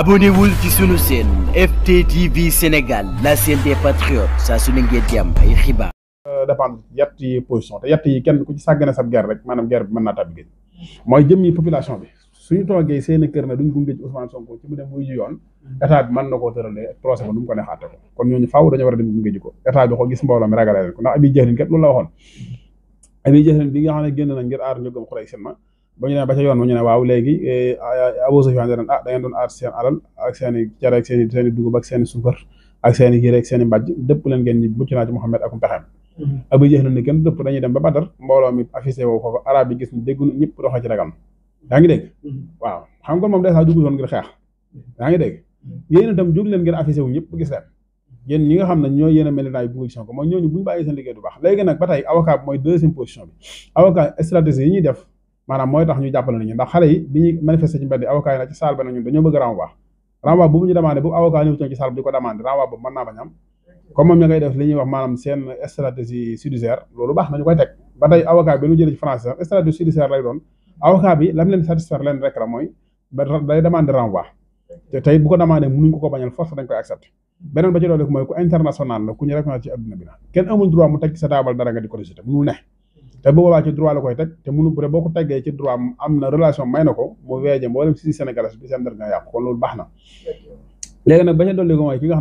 abonnez-vous ci sunu chaîne FTTV Sénégal la chaîne des patriotes saa su ne ngeen di am ay xibaar. Euh, dépendre yatt yi position te kenn ku ci sàggane sab guerre rek maanaam guerre bi mën naa tàbbi géej mooy jëmmi population bi suñu toogee seen kër ne duñ gunge ci Ousmane Sonko ci mu dem muy yoon état bi na koo tëralee procès ko nu mu ko neexaate ko kon ñooñu faaw dañoo war a dem gunge ji ko état bi ko gis mbooloo mi ragalee ko ndax abi jeexlin kat loolu la waxoon abi jeexlin ne génn na ngir aar ñu gëm xulay ba ñu ne ba ca yoon ba ñu ne waaw léegi eh, Abu Sufyaan ne ah da ngeen doon aar seen alal ak seen i ak seen i seen ak seen i ak seen i yére ak dëpp leen ngeen ñi mucc naa ci Muhammad akum pexeem Abu Jahl ne kenn dëpp dañuy dem ba Badar mbooloo mi affiché woo foofu gis ni déggunu ñëpp yaa ngi dégg mm-hmm. waaw xam nga moom dèjà dugg woon ngir xeex yaa ngi dégg mm-hmm. yéen itam jóg leen ngeen affiché wu ñëpp gis leen yéen ñi nga xam ne ñoo yéen a mel naay bugg ci Sonko mooy ñooñu bu ñu bàyyi seen liggéey du baax léegi yi ñuy def maanaam mooy tax ñu jàppale nañu ndax xale yi bi ñuy manifester ci mbedd avocat yi ba ñu demandé bu avocat ñëw ci naa bañ comme moom ña ngay def li wax maanaam seen stratégie judiciaire loolu baax nañu koy teg ba tey avocat bi ñu jëlee ci français sax stratégie judiciaire lay doon avocat bi lam leen satisfaire leen rek la mooy day demandé renvoi te tey bu ko demandé mënuñ ko ko bañal force dañ koy accepté beneen ba ci doole mooy ku international te bu boobaa ci droit la koy teg te mënu bëre boo ko teggee ci droit am na relation may na ko mu weeje mboolem si sénégalais bi seen der nga yàqu kon loolu baax na léegi nag ba ca ko mooy ki nga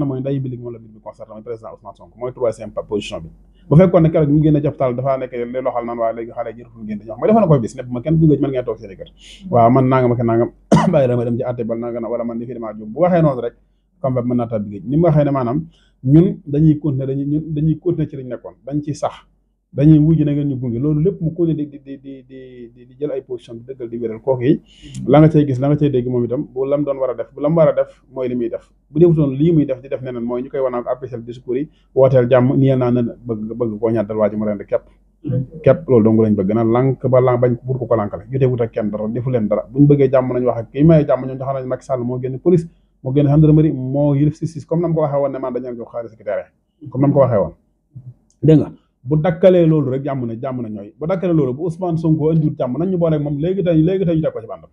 xam ne koy bis nepp ma man naa tabbi géej ni mu waxee ñun dañuy continuer dañuy ñun dañuy ci liñ nekkoon dañ ci sax dañuy wujj na ngeen ñu gunge loolu lépp mu continuer di di di di di jël ay position bi dëggal di wéral kooku yi la nga cay gis la nga cay dégg moom itam bu lam doon war a def a def mooy li muy def bu defutoon lii muy def di def neneen mooy ñu koy ko apprécier discours yi wooteel jàmm nii naa na bëgg ko ko lànkale leen dara buñ bëggee jàmm nañ wax ak kii waxee woon ne man nga bu dakkalee loolu rek jàmm na jàmm na ñooy bu dakkalee loolu bu Ousmane Sonko indiwut jàmm nañu ñu booleeg moom léegi tey léegi tey ñu teg ko ci bàndam